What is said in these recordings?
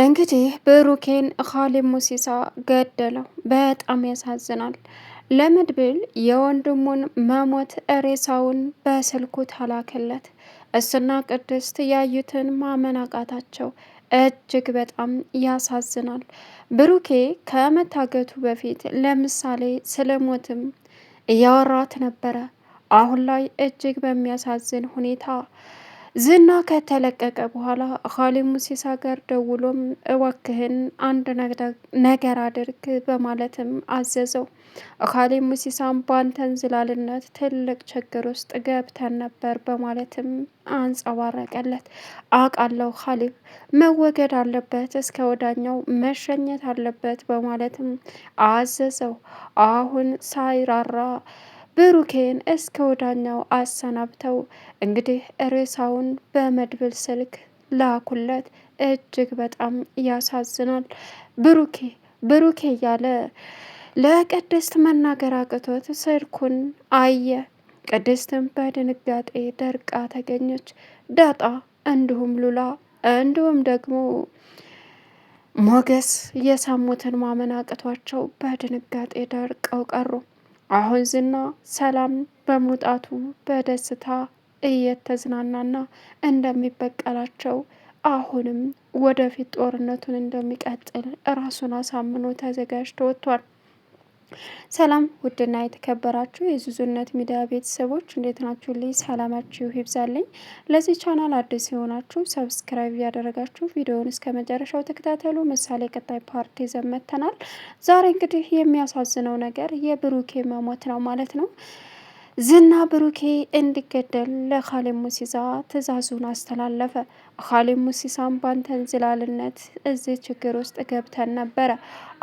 እንግዲህ ብሩኬን ኻሊብ ሙሲሳ ገደለው። በጣም ያሳዝናል። ለመድብል የወንድሙን መሞት ሬሳውን በስልኩ ተላከለት። እሱና ቅድስት ያዩትን ማመን አቃታቸው። እጅግ በጣም ያሳዝናል። ብሩኬ ከመታገቱ በፊት ለምሳሌ ስለ ሞትም እያወራት ነበረ። አሁን ላይ እጅግ በሚያሳዝን ሁኔታ ዝና ከተለቀቀ በኋላ ኻሊብ ሙሲሳ ጋር ደውሎም እወክህን አንድ ነገር አድርግ በማለትም አዘዘው። ኻሊብ ሙሲሳም ባንተን ዝላልነት ትልቅ ችግር ውስጥ ገብተን ነበር በማለትም አንጸባረቀለት። አውቃለሁ ኻሊብ መወገድ አለበት፣ እስከ ወዳኛው መሸኘት አለበት በማለትም አዘዘው። አሁን ሳይራራ ብሩኬን እስከ ወዳኛው አሰናብተው እንግዲህ ሬሳውን በመድብል ስልክ ላኩለት። እጅግ በጣም ያሳዝናል። ብሩኬ ብሩኬ እያለ ለቅድስት መናገር አቅቶት ስልኩን አየ። ቅድስትን በድንጋጤ ደርቃ ተገኘች። ዳጣ እንዲሁም ሉላ እንዲሁም ደግሞ ሞገስ የሰሙትን ማመን አቅቷቸው በድንጋጤ ደርቀው ቀሩ። አሁን ዝና ሰላም በመውጣቱ በደስታ እየተዝናናና እንደሚበቀላቸው አሁንም ወደፊት ጦርነቱን እንደሚቀጥል ራሱን አሳምኖ ተዘጋጅቶ ወጥቷል። ሰላም ውድና የተከበራችሁ የዙዙነት ሚዲያ ቤተሰቦች እንዴት ናችሁ? ልይ ሰላማችሁ ይብዛልኝ። ለዚህ ቻናል አዲስ የሆናችሁ ሰብስክራይብ ያደረጋችሁ ቪዲዮውን እስከ መጨረሻው ተከታተሉ። ምሳሌ ቀጣይ ፓርቲ ዘመተናል ዛሬ እንግዲህ የሚያሳዝነው ነገር የብሩኬ መሞት ነው ማለት ነው። ዝና ብሩኬ እንዲገደል ለካሌ ሙሲዛ ትዕዛዙን አስተላለፈ። ኻሊድ ሙሲሳን ባንተን ዝላልነት እዚህ ችግር ውስጥ ገብተን ነበረ።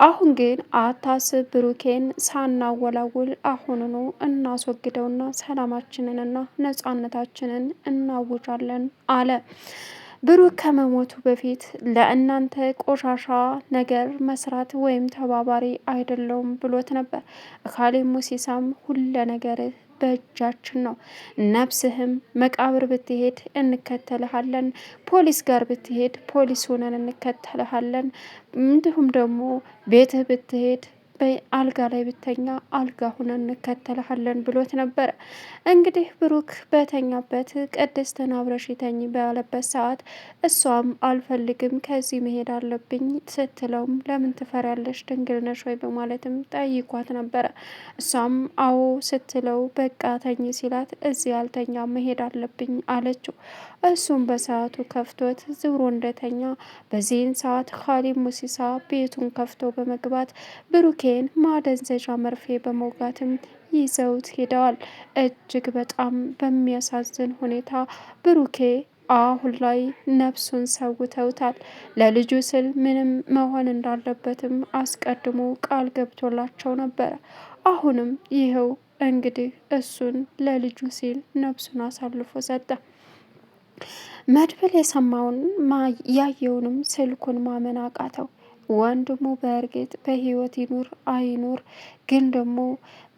አሁን ግን አታስብ፣ ብሩኬን ሳናወላውል አሁኑኑ እናስወግደውና ሰላማችንንና ነጻነታችንን እናውጃለን አለ። ብሩክ ከመሞቱ በፊት ለእናንተ ቆሻሻ ነገር መስራት ወይም ተባባሪ አይደለውም ብሎት ነበር። ኻሊድ ሙሲሳም ሁለ ነገር በእጃችን ነው። ነፍስህም መቃብር ብትሄድ እንከተልሃለን፣ ፖሊስ ጋር ብትሄድ ፖሊስ ሆነን እንከተልሃለን። እንዲሁም ደግሞ ቤትህ ብትሄድ በአልጋ አልጋ ላይ ብተኛ አልጋ ሁነን እንከተልሃለን ብሎት ነበረ። እንግዲህ ብሩክ በተኛበት ቅድስትን አብረሽ ተኝ ባለበት ሰዓት እሷም አልፈልግም ከዚህ መሄድ አለብኝ ስትለውም ለምን ትፈሪያለሽ ድንግል ነሽ ወይ በማለትም ጠይቋት ነበረ። እሷም አዎ ስትለው በቃ ተኝ ሲላት እዚህ ያልተኛ መሄድ አለብኝ አለችው። እሱም በሰዓቱ ከፍቶት ዝብሮ እንደተኛ በዚህን ሰዓት ካሊብ ሙሲሳ ቤቱን ከፍቶ በመግባት ብሩኬ ጽጌን ማደንዘዣ መርፌ በመውጋትም ይዘውት ሄደዋል። እጅግ በጣም በሚያሳዝን ሁኔታ ብሩኬ አሁን ላይ ነፍሱን ሰውተውታል። ለልጁ ስል ምንም መሆን እንዳለበትም አስቀድሞ ቃል ገብቶላቸው ነበረ። አሁንም ይኸው እንግዲህ እሱን ለልጁ ሲል ነፍሱን አሳልፎ ሰጠ። መድብል የሰማውን ያየውንም ስልኩን ማመን አቃተው። ወንድሙ በእርግጥ በህይወት ይኑር አይኑር ግን ደግሞ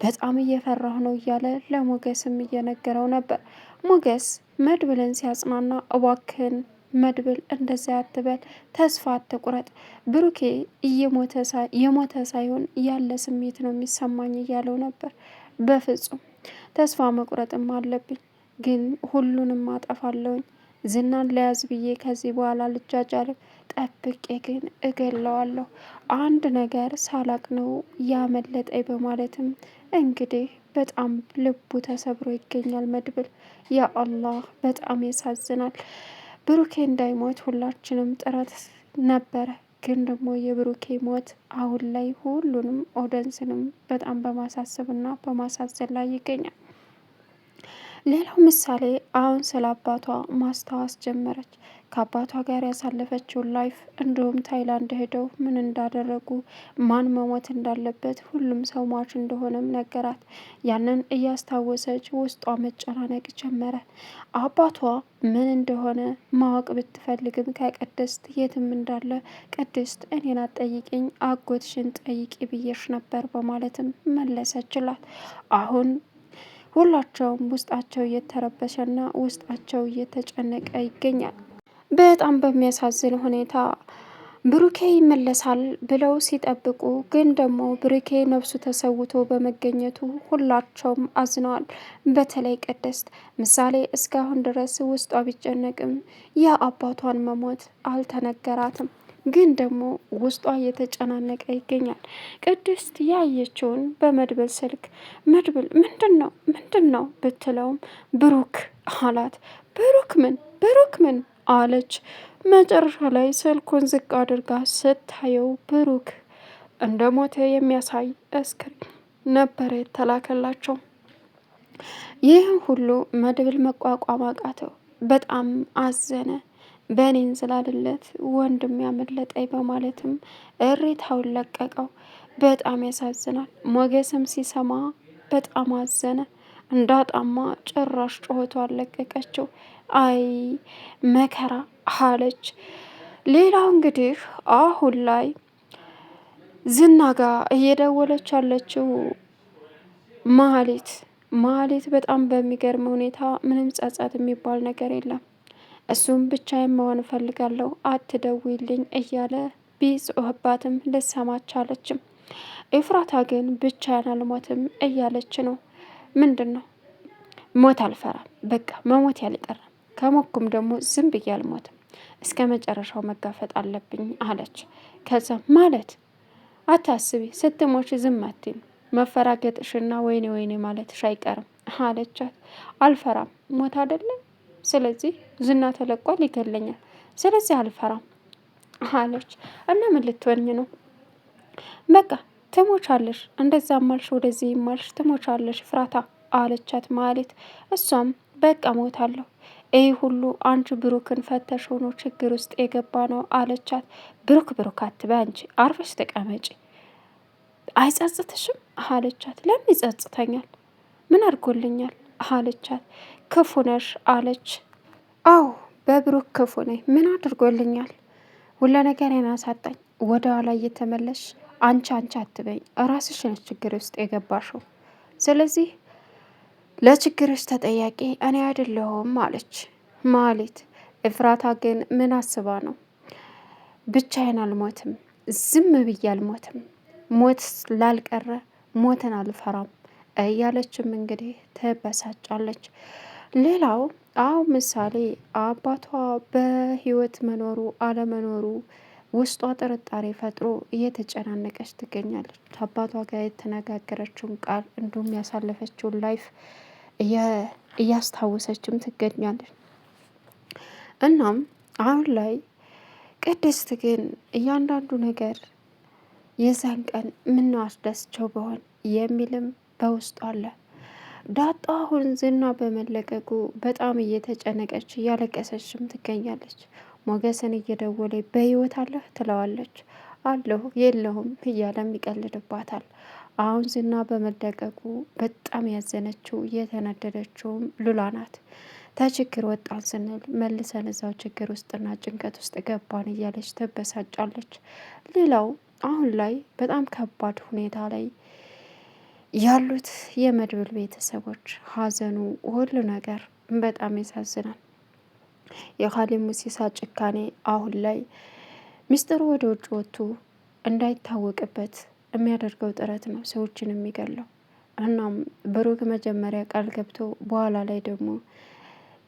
በጣም እየፈራሁ ነው እያለ ለሞገስም እየነገረው ነበር። ሞገስ መድብልን ሲያጽናና እባክህን መድብል እንደዚያ አትበል፣ ተስፋ አትቁረጥ፣ ብሩኬ የሞተ ሳይሆን ያለ ስሜት ነው የሚሰማኝ እያለው ነበር። በፍጹም ተስፋ መቁረጥም አለብኝ ግን ሁሉንም አጠፋለውኝ ዝናን ለያዝ ብዬ ከዚህ በኋላ ልጃጃልም፣ ጠብቄ ግን እገለዋለሁ። አንድ ነገር ሳላቅ ነው ያመለጠኝ በማለትም እንግዲህ በጣም ልቡ ተሰብሮ ይገኛል መድብል። ያ አላህ በጣም ያሳዝናል። ብሩኬ እንዳይሞት ሁላችንም ጥረት ነበረ። ግን ደግሞ የብሩኬ ሞት አሁን ላይ ሁሉንም ኦደንስንም በጣም በማሳሰብና በማሳዘን ላይ ይገኛል። ሌላው ምሳሌ አሁን ስለ አባቷ ማስታወስ ጀመረች። ከአባቷ ጋር ያሳለፈችውን ላይፍ እንዲሁም ታይላንድ ሄደው ምን እንዳደረጉ ማን መሞት እንዳለበት ሁሉም ሰው ሟች እንደሆነም ነገራት። ያንን እያስታወሰች ውስጧ መጨናነቅ ጀመረ። አባቷ ምን እንደሆነ ማወቅ ብትፈልግም ከቅድስት የትም እንዳለ ቅድስት እኔን አትጠይቂኝ አጎትሽን ጠይቂ ብዬሽ ነበር በማለትም መለሰችላት። አሁን ሁላቸውም ውስጣቸው እየተረበሸና ውስጣቸው እየተጨነቀ ይገኛል። በጣም በሚያሳዝን ሁኔታ ብሩኬ ይመለሳል ብለው ሲጠብቁ ግን ደግሞ ብሩኬ ነፍሱ ተሰውቶ በመገኘቱ ሁላቸውም አዝነዋል። በተለይ ቅድስት ምሳሌ እስካሁን ድረስ ውስጧ ቢጨነቅም የአባቷን መሞት አልተነገራትም። ግን ደግሞ ውስጧ እየተጨናነቀ ይገኛል። ቅድስት ያየችውን በመድብል ስልክ መድብል ምንድን ነው ምንድን ነው ብትለውም ብሩክ አላት። ብሩክ ምን ብሩክ ምን አለች። መጨረሻ ላይ ስልኩን ዝቅ አድርጋ ስታየው ብሩክ እንደ ሞተ የሚያሳይ እስክሪን ነበር የተላከላቸው። ይህ ሁሉ መድብል መቋቋም አቃተው። በጣም አዘነ። በእኔን ስላልለት ወንድም ያመለጠኝ በማለትም እሬታውን ለቀቀው። በጣም ያሳዝናል። ሞገስም ሲሰማ በጣም አዘነ። እንዳጣማ ጭራሽ ጩኸቱ አለቀቀችው። አይ መከራ አለች። ሌላው እንግዲህ አሁን ላይ ዝና ጋር እየደወለች ያለችው ማህሌት ማህሌት በጣም በሚገርም ሁኔታ ምንም ጸጸት የሚባል ነገር የለም። እሱም ብቻዬን መሆን እፈልጋለሁ አትደውይልኝ እያለ ቢጽሁባትም ልሰማች አለችም። ኤፍራታ ግን ብቻዬን አልሞትም እያለች ነው። ምንድን ነው ሞት አልፈራም፣ በቃ መሞት ያልቀረም ከሞኩም ደግሞ ዝም ብዬ አልሞትም፣ እስከ መጨረሻው መጋፈጥ አለብኝ አለች። ከዛ ማለት አታስቢ፣ ስትሞች ዝም አትይም፣ መፈራገጥሽና ወይኔ ወይኔ ማለትሽ አይቀርም አለቻት። አልፈራም ሞት አይደለም ስለዚህ ዝና ተለቋል፣ ይገለኛል። ስለዚህ አልፈራም አለች እና ምን ልትወኝ ነው? በቃ ትሞቻለሽ፣ እንደዛ ማልሽ፣ ወደዚህ ማልሽ፣ ትሞቻለሽ ፍራታ አለቻት ማለት እሷም በቃ ሞታለሁ፣ ይህ ሁሉ አንቺ ብሩክን ፈተሽ ሆኖ ችግር ውስጥ የገባ ነው አለቻት። ብሩክ ብሩክ አትበይ አንቺ አርፈሽ ተቀመጪ፣ አይጸጽትሽም አለቻት። ለምን ይጸጽተኛል? ምን አድርጎልኛል? አለቻት። ክፉ ነሽ አለች። አዎ በብሩክ ክፉ ነኝ። ምን አድርጎልኛል? ሁለ ነገሬን አሳጣኝ። ወደ ኋላ እየተመለሽ አንቺ አንቺ አትበኝ። ራስሽ ነሽ ችግር ውስጥ የገባሽው። ስለዚህ ለችግርሽ ተጠያቂ እኔ አይደለሁም አለች ማሌት። እፍራታ ግን ምን አስባ ነው? ብቻዬን አልሞትም፣ ዝም ብዬ አልሞትም። ሞት ላልቀረ ሞትን አልፈራም እያለችም እንግዲህ ትበሳጫለች። ሌላው አሁን ምሳሌ አባቷ በህይወት መኖሩ አለመኖሩ ውስጧ ጥርጣሬ ፈጥሮ እየተጨናነቀች ትገኛለች። አባቷ ጋር የተነጋገረችውን ቃል እንዲሁም ያሳለፈችውን ላይፍ እያስታወሰችም ትገኛለች። እናም አሁን ላይ ቅድስት ግን እያንዳንዱ ነገር የዛን ቀን ምናስደስቸው በሆን የሚልም በውስጡ አለ። ዳጣ አሁን ዝና በመለቀቁ በጣም እየተጨነቀች እያለቀሰችም ትገኛለች። ሞገስን እየደወለ በህይወት አለህ ትለዋለች። አለሁ የለሁም እያለም ይቀልድባታል። አሁን ዝና በመለቀቁ በጣም ያዘነችው እየተነደደችውም ሉላ ናት። ተችግር ወጣን ስንል መልሰን እዛው ችግር ውስጥና ጭንቀት ውስጥ ገባን እያለች ትበሳጫለች። ሌላው አሁን ላይ በጣም ከባድ ሁኔታ ላይ ያሉት የመድብል ቤተሰቦች ሀዘኑ ሁሉ ነገር በጣም ያሳዝናል። የካሌብ ሙሲሳ ጭካኔ አሁን ላይ ሚስጥሩ ወደ ውጭ ወጥቶ እንዳይታወቅበት የሚያደርገው ጥረት ነው ሰዎችን የሚገለው። እናም ብሩክ መጀመሪያ ቃል ገብቶ በኋላ ላይ ደግሞ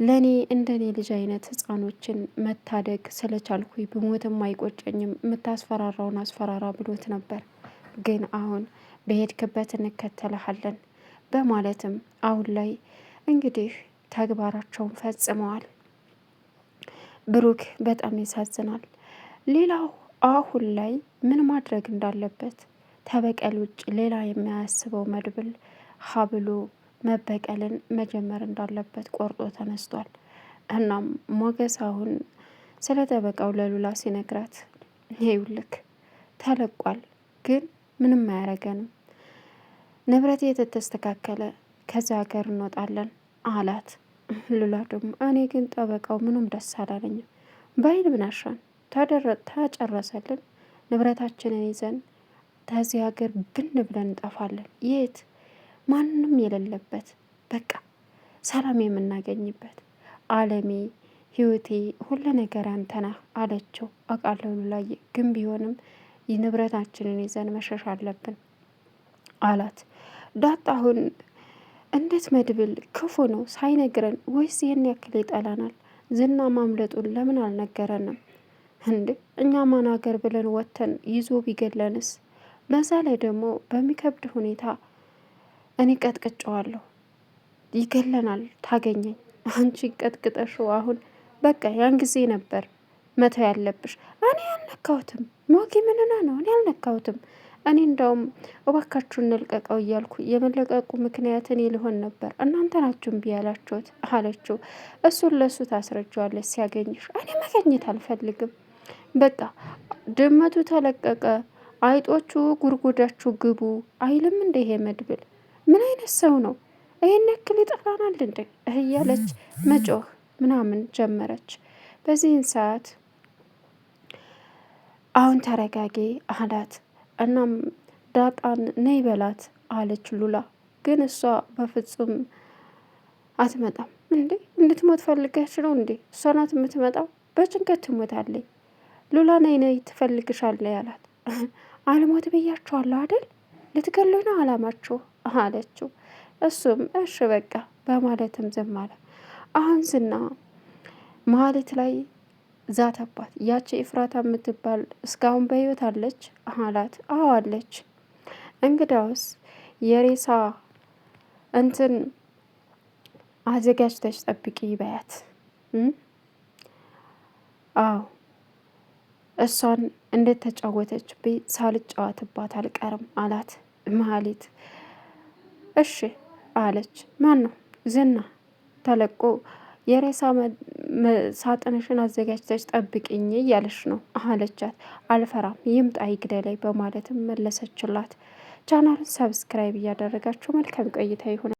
ለእኔ እንደኔ ልጅ አይነት ህፃኖችን መታደግ ስለቻልኩኝ ብሞትም አይቆጨኝም፣ የምታስፈራራውን አስፈራራ ብሎት ነበር ግን አሁን በሄድክበት እንከተልሃለን በማለትም አሁን ላይ እንግዲህ ተግባራቸውን ፈጽመዋል። ብሩክ በጣም ያሳዝናል። ሌላው አሁን ላይ ምን ማድረግ እንዳለበት ተበቀል ውጭ ሌላ የሚያስበው መድብል ሀብሎ መበቀልን መጀመር እንዳለበት ቆርጦ ተነስቷል። እናም ሞገስ አሁን ስለ ተበቃው ለሉላ ሲነግራት ይውልክ ተለቋል ግን ምንም አያረገንም። ንብረት የተስተካከለ ከዚ ሀገር እንወጣለን አላት። ሉላ ደግሞ እኔ ግን ጠበቃው ምኑም ደስ አላለኝም። በይን ምናሻን ታጨረሰልን ንብረታችንን ይዘን ከዚህ ሀገር ብን ብለን እንጠፋለን። የት ማንም የሌለበት በቃ ሰላም የምናገኝበት አለሜ፣ ህይወቴ፣ ሁሉ ነገር አንተና አለችው። አቃለሁ ሉላዬ ግን ቢሆንም ንብረታችንን ይዘን መሸሽ አለብን አላት። ዳጣ አሁን እንዴት መድብል ክፉ ነው ሳይነግረን ወይስ ይህን ያክል ይጠላናል? ዝና ማምለጡን ለምን አልነገረንም? እንድ እኛ ማን ሀገር ብለን ወጥተን ይዞ ቢገለንስ? በዛ ላይ ደግሞ በሚከብድ ሁኔታ እኔ ቀጥቅጨዋለሁ። ይገለናል። ታገኘኝ አንቺ ቀጥቅጠሽው አሁን በቃ ያን ጊዜ ነበር መተው ያለብሽ። እኔ አልነካሁትም፣ ሞጊ ምንና ነው? እኔ አልነካሁትም። እኔ እንደውም እባካችሁ እንልቀቀው እያልኩ የመለቀቁ ምክንያት እኔ ልሆን ነበር፣ እናንተ ናችሁ እምቢ ያላችሁት አለችው። እሱን ለእሱ ታስረጀዋለች ሲያገኝሽ። እኔ መገኘት አልፈልግም። በቃ ድመቱ ተለቀቀ፣ አይጦቹ ጉርጉዳችሁ ግቡ አይልም እንደ ይሄ መድብል ምን አይነት ሰው ነው? ይህን ያክል ይጠፋናል እንዴ? እህያለች መጮህ ምናምን ጀመረች። በዚህን ሰዓት አሁን ተረጋጌ አላት። እናም ዳጣን ነይ በላት አለች ሉላ። ግን እሷ በፍጹም አትመጣም። እንዴ እንድትሞት ፈልገች ነው እንዴ? እሷ ናት የምትመጣው። በጭንቀት ትሞታለች። ሉላ ነይ ነይ ትፈልግሻለ ያላት። አልሞት ብያችኋለሁ አይደል? ልትገሉ ነው አላማችሁ አለችው። እሱም እሺ በቃ በማለትም ዝም አለ። አሁን ዝና ማለት ላይ ዛተባት። ያቺ ኤፍራታ የምትባል እስካሁን በህይወት አለች አላት። አዎ አለች። እንግዳውስ የሬሳ እንትን አዘጋጅተች ጠብቂ ይበያት አዎ እሷን እንዴት ተጫወተችብኝ፣ ሳልጫወትባት አልቀርም አላት። መሀሊት እሺ አለች። ማን ነው ዝና ተለቆ የሬሳ ሳጥንሽን አዘጋጅተች ጠብቅኝ እያለች ነው አለቻት። አልፈራም ይምጣ ይግደላይ በማለትም መለሰችላት። ቻናሉን ሰብስክራይብ እያደረጋችሁ መልካም ቆይታ ይሁን።